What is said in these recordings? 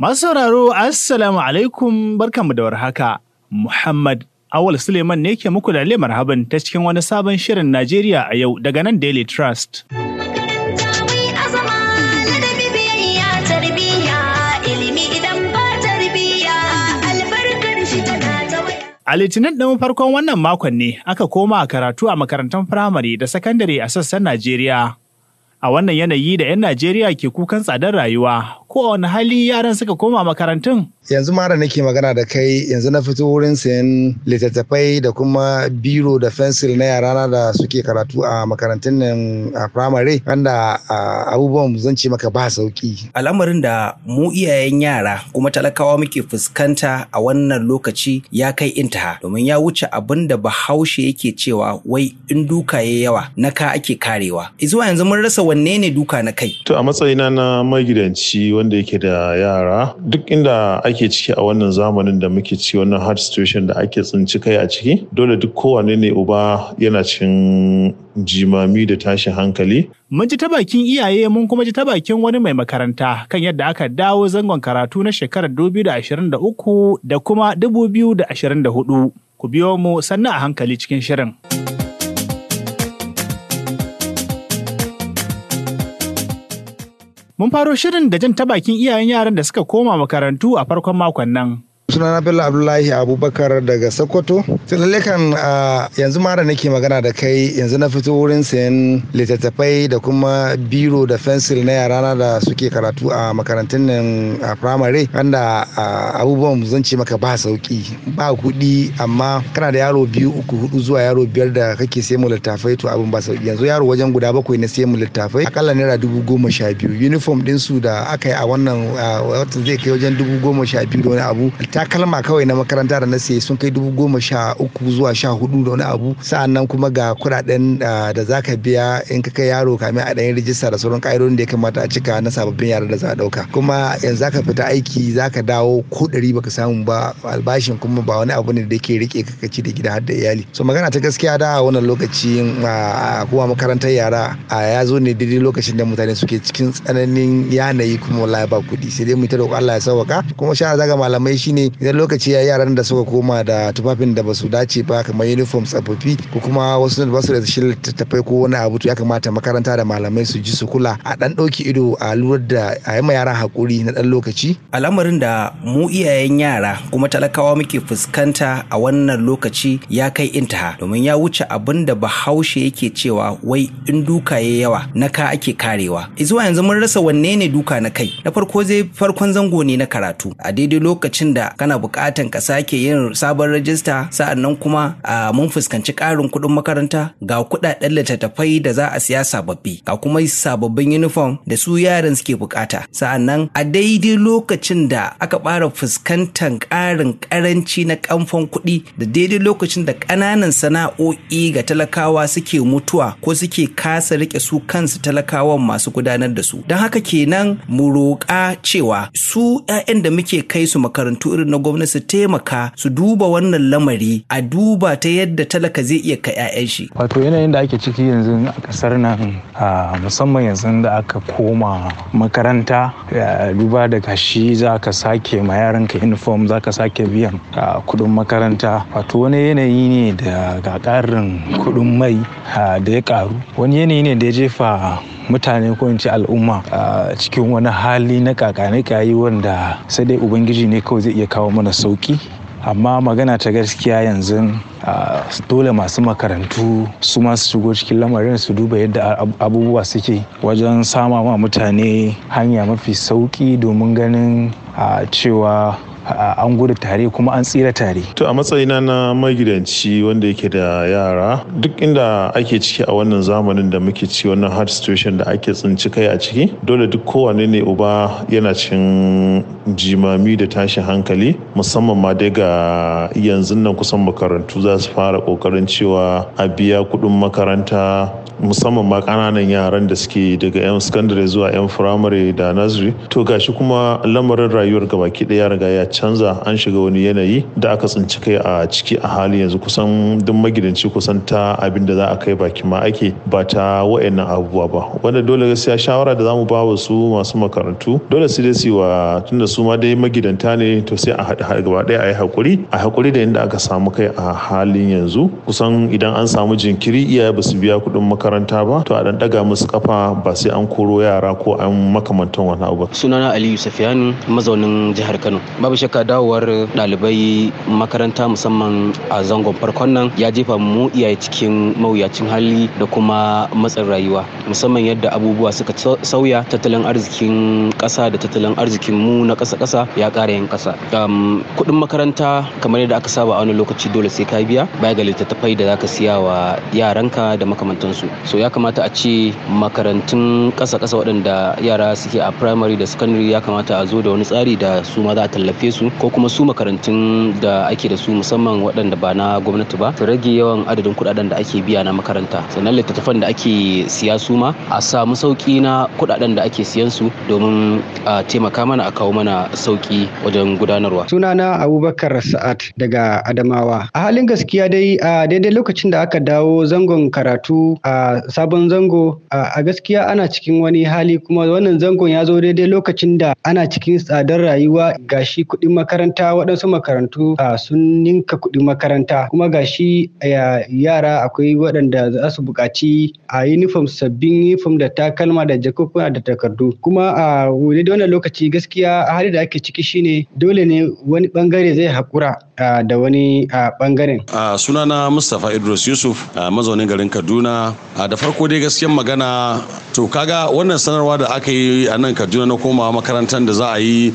Masu sauraro, Assalamu alaikum barkanmu da warhaka. Muhammad Awal Suleiman ne ke muku da marhaban ta cikin wani sabon shirin Najeriya a yau daga nan Daily Trust. A Litinin ɗin farkon wannan makon ne aka koma a karatu a Makarantar firamare da sakandare a sassan Najeriya. A wannan yanayi da 'yan Najeriya ke kukan tsadar rayuwa ko a wani hali yaran suka koma makarantun? Yanzu mara nake magana da kai yanzu na fito wurin sayan littattafai da kuma biro da fensil na yarana da suke karatu a makarantun nan a firamare wanda abubuwan zan ce maka ba sauki. Al'amarin da mu iyayen yara kuma talakawa muke fuskanta a wannan lokaci ya kai intaha domin ya wuce abin da bahaushe yake cewa wai in duka ya yawa na ka ake karewa. Izuwa yanzu mun rasa wanne ne duka na kai. To a matsayina na magidanci wanda yake da yara duk inda ake ciki a wannan zamanin da muke ci wannan hard situation da ake tsinci kai a ciki dole duk kowane ne uba yana cikin jimami da tashin hankali. Mun ji ta bakin iyaye mun kuma ji ta bakin wani mai makaranta kan yadda aka dawo zangon karatu na shekarar 2023 da kuma 2024. Ku biyo mu sannan a hankali cikin shirin. Mun faro shirin da jan ta bakin iyayen yaran da suka koma makarantu a farkon makon nan. sunana bello abdullahi abubakar daga sokoto lalle a yanzu mara nake magana da kai yanzu na fito wurin sayan littattafai da kuma biro da fensil na na da suke karatu a makarantun nan a firamare wanda abubuwan zan ce maka ba sauki ba kuɗi amma kana da yaro biyu uku hudu zuwa yaro biyar da kake sayan littattafai to abin ba sauki yanzu yaro wajen guda bakwai na sayan littattafai akalla naira dubu goma sha biyu uniform ɗinsu da aka yi a wannan wata zai kai wajen dubu goma sha biyu da wani abu takalma kawai na makaranta da na sayi sun kai dubu goma sha uku zuwa sha hudu da wani abu nan kuma ga kuɗaɗen ah, da za ka biya in ka kai yaro kamin a ɗanyen rijista da sauran ƙa'idodin da ya kamata a cika na sababbin yara da za a ɗauka kuma yanzu za ka fita aiki za ka dawo ko ɗari baka samu ba albashin kuma ba wani abu ne da ke rike ka kaci da gida har da iyali so magana ta gaskiya da wannan lokacin ah, kuma makarantar yara a ya zo ne daidai lokacin da mutane suke cikin tsananin yanayi kuma wallahi ba kuɗi sai dai mu ta roƙo Allah ya sauwaka kuma sha zaga malamai shine idan lokaci ya yaran da suka koma da tufafin da basu dace ba kamar uniform tsofaffi ko kuma wasu da basu da shi littattafai ko wani abu to ya kamata makaranta da malamai su ji su kula a dan ɗauki ido a lura da a yi ma yaran hakuri na ɗan lokaci. Al'amarin da mu iyayen yara kuma talakawa muke fuskanta a wannan lokaci ya kai intaha domin ya wuce abin da bahaushe yake cewa wai in duka ya yawa na ka ake karewa. Zuwa yanzu mun rasa wanne ne duka na kai na farko zai farkon zango ne na karatu a daidai lokacin da kana buƙatan ka sake yin sabon rajista sa'annan kuma a mun fuskanci ƙarin kuɗin makaranta ga kuɗaɗen littattafai da za a siya sababbi ga kuma sababbin uniform da su yaran suke buƙata sa'annan a daidai lokacin da aka fara fuskantar ƙarin ƙaranci na kamfan kuɗi da daidai lokacin da ƙananan sana'o'i ga talakawa suke mutuwa ko suke kasa rike su kansu talakawan masu gudanar da su don haka kenan mu roƙa cewa su 'ya'yan da muke kai su makarantu irin na gwamnati su taimaka su duba wannan lamari a duba ta yadda talaka zai iya ka 'ya'yan shi wato yanayin da ake ciki yanzu a kasar nan musamman yanzu da aka koma makaranta duba da shi za ka sake ma yaranka uniform za ka sake biyan kudin makaranta wato wani yanayi ne da ga karin kudin mai da ya karu wani yanayi ne da ya jefa mutane ko in ce al'umma a cikin wani hali na kakane kayi wanda sai dai ubangiji ne kawai zai iya kawo mana sauki amma magana ta gaskiya yanzu dole masu makarantu su masu shigo cikin lamarin su duba yadda abubuwa suke wajen sama wa mutane hanya mafi sauki domin ganin cewa an gudu tare kuma an tsira tare. To a matsayina na magidanci wanda yake da yara duk inda ake ciki a wannan zamanin da muke ci wannan hard situation da ake tsinci kai a ciki dole duk kowane ne uba yana cin jimami da tashin hankali musamman ma daga ga yanzu nan kusan makarantu za su fara kokarin cewa a biya kuɗin makaranta musamman ma kananan yaran da suke daga 'yan sakandare zuwa 'yan firamare da nursery to gashi kuma lamarin rayuwar gabaki ɗaya riga ya canza an shiga wani yanayi da aka tsinci kai a ciki a hali yanzu kusan duk magidanci kusan ta abin da za a kai baki ma ake ba ta wa'annan abubuwa ba wanda dole gaskiya shawara da zamu ba wa su masu makarantu dole su dai su wa tunda su ma dai magidanta ne to sai a haɗa gaba ɗaya a yi hakuri a hakuri da yadda aka samu kai a halin yanzu kusan idan an samu jinkiri iyaye ba su biya kuɗin makaranta ba to a dan daga musu kafa ba sai an koro yara ko an makamantan wani abu sunana aliyu safiyanu mazaunin jihar kano babu shakka dawowar ɗalibai makaranta musamman a zangon farkon nan ya jefa mu iyaye cikin mawuyacin hali da kuma matsin rayuwa musamman yadda abubuwa suka sauya tattalin arzikin ƙasa da tattalin arzikin mu na ƙasa ƙasa ya ƙara yin kasa. kuɗin makaranta kamar yadda aka saba a wani lokaci dole sai ka biya baya ga littattafai da zaka siya wa yaranka da makamantansu so ya kamata a ce makarantun kasa-kasa waɗanda yara suke a primary da secondary ya kamata a zo da wani tsari da su ma za a tallafe su ko kuma su makarantun da ake da su musamman waɗanda ba na gwamnati ba su rage yawan adadin kuɗaɗen da ake biya na makaranta sannan littattafan da ake siya su ma a samu sauƙi na kuɗaɗen da ake siyan su domin a taimaka mana a kawo mana sauƙi wajen gudanarwa. sunana abubakar sa'ad daga adamawa a halin gaskiya dai a daidai lokacin da aka dawo zangon karatu a sabon zango a gaskiya ana cikin wani hali kuma wannan zangon ya zo daidai lokacin da ana cikin tsadar rayuwa gashi kuɗin makaranta waɗansu makarantu a sun ninka kuɗin makaranta kuma ga gashi yara akwai waɗanda za su buƙaci a uniform sabbin uniform da takalma da jakokuna da takardu kuma a wuri da wannan lokaci gaskiya a hali da ake ciki shine dole ne wani bangare zai haƙura da wani bangaren. sunana mustapha idris yusuf a mazaunin garin kaduna da farko dai gaskiyan magana to kaga wannan sanarwa da aka yi a nan kaduna na komawa makarantar da za a yi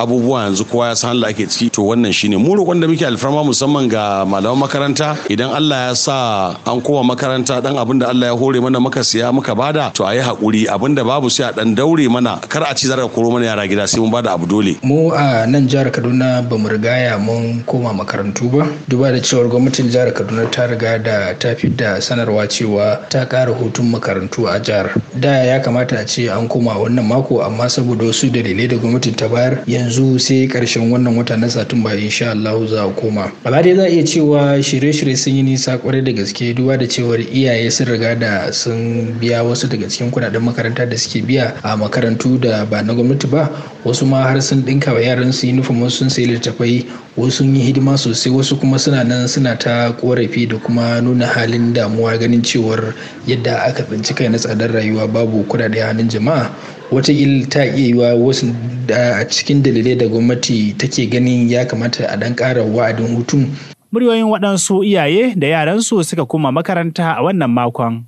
abubuwan yanzu kowa ya san Allah ake ciki to wannan shine mu roƙon da muke alfarma musamman ga malaman makaranta idan Allah ya sa an koma makaranta dan abin da Allah ya hore mana muka siya muka bada to ayi hakuri abin da babu sai a dan daure mana kar a ci zara koro mana yara gida sai mun bada abu dole mu a nan jihar Kaduna ba mu rigaya mun koma makarantu ba duba da cewar gwamnatin jihar Kaduna ta riga da ta da sanarwa cewa ta ƙara hutun makarantu a jihar da ya kamata a ce an koma wannan mako amma saboda wasu dalilai da gwamnatin ta bayar yanzu sai karshen wannan wata na satumba insha Allah za a koma ba dai za a iya cewa shirye-shirye sun yi nisa kwarai da gaske duba da cewar iyaye sun riga da sun biya wasu daga cikin kudaden makaranta da suke biya a makarantu da ba na gwamnati ba wasu ma har sun dinka wa yaran su uniform wasu sun sayi littattafai wasu sun yi hidima sosai wasu kuma suna nan suna ta korafi da kuma nuna halin damuwa ganin cewar yadda aka tsinci kai na tsadar rayuwa babu kudaden hannun jama'a wataƙila ta iya yiwa wasu da cikin dalilai da gwamnati take ganin ya kamata a dan kara wa'adin hutun. Muryoyin waɗansu iyaye da yaransu suka kuma makaranta a wannan makon.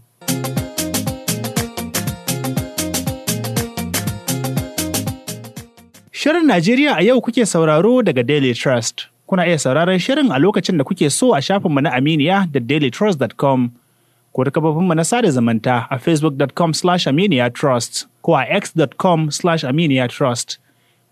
Shirin Najeriya a yau kuke sauraro daga Daily Trust. Kuna iya sauraron shirin a lokacin da kuke so a shafinmu na Aminiya da dailytrust.com ko ta kafofinmu na sada zumunta a facebook.com/aminiya trust. ko a x.com slash aminiya trust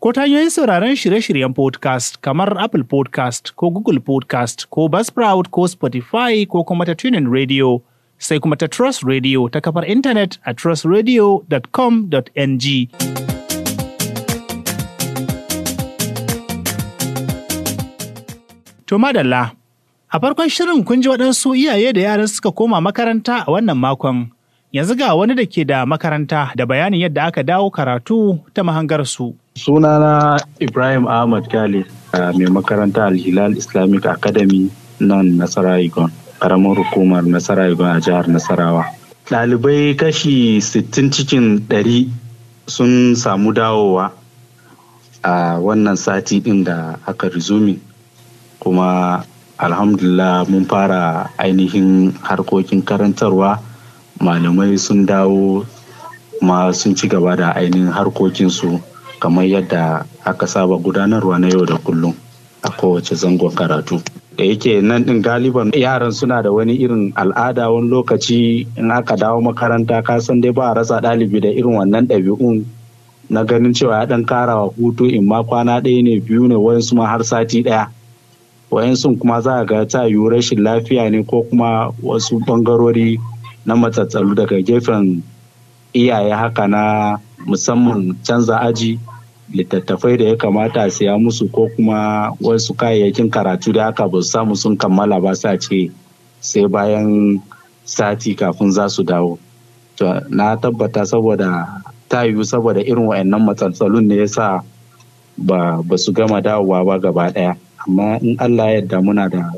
ko ta hanyoyin sauraron shirye-shiryen podcast kamar Apple podcast ko Google podcast ko Buzzsprout ko Spotify ko kuma ta tunin radio sai kuma ta Trust Radio ta kafar intanet a trustradio.com.ng. To madalla, a farkon shirin kun ji waɗansu iyaye da yaran suka koma makaranta a wannan makon. Yanzu ga wani da ke da makaranta da bayanin yadda aka dawo karatu ta mahangarsu. Sunana Ibrahim Ahmad Kale mai makaranta al Islamic Academy nan Nasara Igon, ƙaramin hukumar Nasara Igon a jihar Nasarawa. Ɗalibai kashi sittin cikin ɗari sun samu dawowa a wannan sati ɗin da aka rizumi kuma alhamdulillah mun fara ainihin harkokin karantarwa. malamai sun dawo ma sun ci gaba da ainihin harkokinsu kamar yadda aka saba gudanarwa na yau da kullum a kowace zangon karatu da yake nan din galiban yaran suna da wani irin al'ada wani lokaci in aka dawo makaranta ka san dai ba a rasa ɗalibi da irin wannan ɗabi'un na ganin cewa ya ɗan karawa hutu in ma kwana ɗaya ne biyu ne wayansu ma har sati ɗaya wayansu kuma za a ga ta yiwu rashin lafiya ne ko kuma wasu ɓangarori na matsatsalu daga gefen iyaye haka na musamman canza aji littattafai da ya kamata a siya musu ko kuma wasu kayayyakin karatu da aka ba samu sun kammala ba sa ce sai bayan sati kafin za su dawo na tabbata saboda ta yiwu saboda irin wa'annan matsatsalun ne yasa ba ba su gama dawowa ba gaba daya amma in allah yadda muna da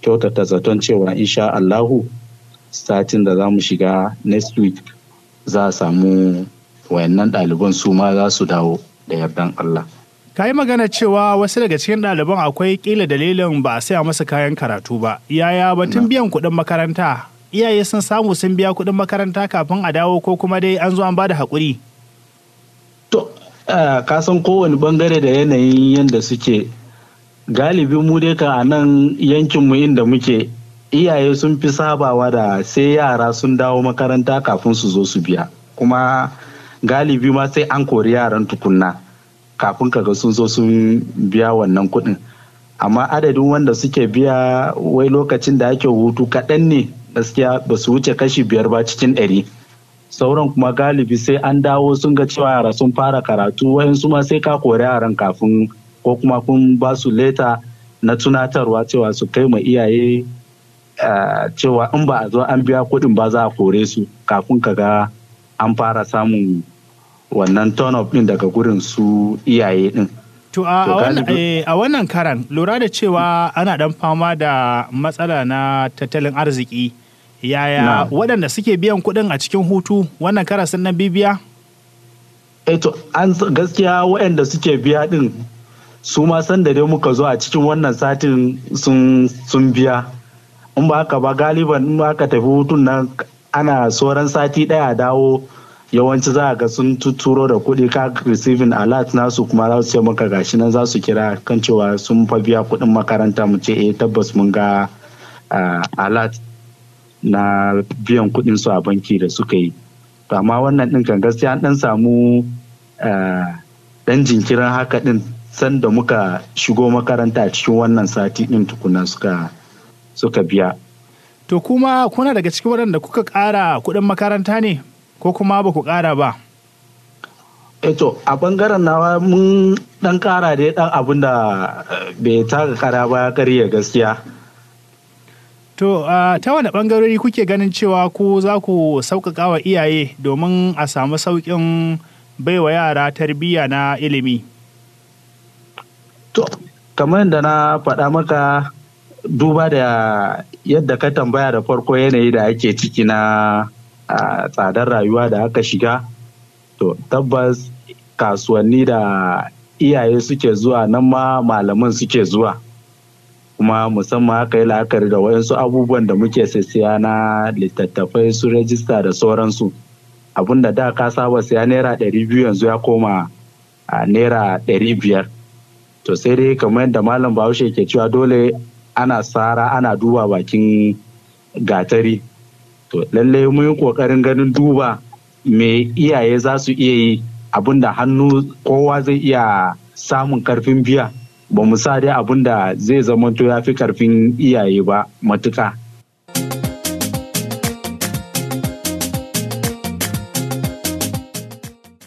kyautata zaton cewa insha allahu satin da za mu shiga next week za a samu wayannan ɗaliban su ma za su dawo da yardan Allah. Ka yi magana cewa wasu daga cikin ɗaliban akwai ƙila dalilin ba a saya masa kayan karatu ba. Yaya batun biyan kuɗin makaranta? Iyaye sun samu sun biya kuɗin makaranta kafin a dawo ko kuma dai an zo an bada da haƙuri? To, ka san kowane bangare da yanayin yadda suke galibin mu dai ka a nan yankinmu inda muke iyaye sun fi sabawa da sai yara sun dawo makaranta kafin su zo su biya kuma galibi ma sai an kori yaran tukunna kafin kaga sun zo sun biya wannan kuɗin amma adadin wanda suke biya wai lokacin da ake hutu kaɗan ne gaskiya ba su wuce kashi biyar ba cikin ɗari sauran kuma galibi sai an dawo sun ga cewa yara sun fara karatu wayansu ma sai ka kori yaran kafin ko kuma kun ba su leta na tunatarwa cewa su kai ma iyaye Eh, cewa in ba a zo an biya kuɗin ba za a kore su kafin ka ga an fara samun wannan turn up ɗin daga gurin su iyaye din. To eh, a wannan karan lura da cewa ana dan fama da matsala na tattalin arziki yaya waɗanda suke biyan kuɗin a cikin hutu wannan karan sun nan bibiya? Eto eh, an gaskiya waɗanda suke biya din, su ma san da dai muka zo a cikin wannan satin sun biya in ba haka ba galiban in ba ka tafi hutun nan ana sauran sati daya dawo yawanci za a ga sun tuturo da kuɗi ka receiving alert nasu kuma za su ce maka gashi nan za su kira kan cewa sun fa biya kuɗin makaranta mu ce eh tabbas mun ga alert na biyan kuɗin su a banki da suka yi to amma wannan ɗin kan gaskiya an ɗan samu ɗan jinkirin haka ɗin da muka shigo makaranta a cikin wannan sati ɗin tukuna suka suka biya. To kuma kuna daga cikin waɗanda kuka ƙara kuɗin makaranta ne ko kuma ba ku ƙara ba? Eto eh a ɓangaren nawa mun ɗan ƙara dai ɗan abin da eh, bai taka ƙara ba ƙarya gaskiya. To a ta wani ɓangarori kuke ganin cewa ku za ku sauƙaƙa wa iyaye domin a samu sauƙin baiwa yara tarbiyya na ilimi? To kamar da na faɗa maka duba da yadda ka tambaya da farko yanayi da ake ciki na tsadar rayuwa da aka shiga to tabbas kasuwanni da iyaye suke zuwa nan ma malaman suke zuwa kuma musamman aka yi la'akari da wayansu abubuwan da muke sassiya na littattafai su rajista da sauransu abin da da ka saba siya naira ɗari biyu yanzu ya koma a naira ɗari biyar to sai dai kamar yadda malam bahaushe ke cewa dole ana tsara ana duba bakin gatari to lallai mun yi kokarin ganin duba me iyaye za su iya yi abinda hannu kowa zai iya samun karfin biya ba mu sa dai abinda zai zamanto ya fi karfin iyaye ba matuka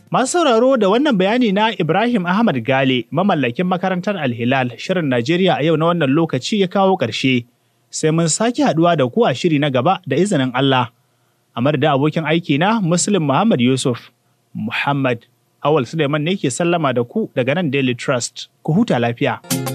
Masu sauraro da wannan bayani na Ibrahim Ahmad Gale, mamallakin makarantar Alhilal, shirin Najeriya a yau na wannan lokaci ya kawo ƙarshe. Sai mun sake haɗuwa da ku a shiri na gaba da izinin Allah. A da abokin aiki na Muslim Muhammad Yusuf, Muhammad Awal Suleiman ne ke sallama da ku daga nan Daily Trust. Ku huta lafiya.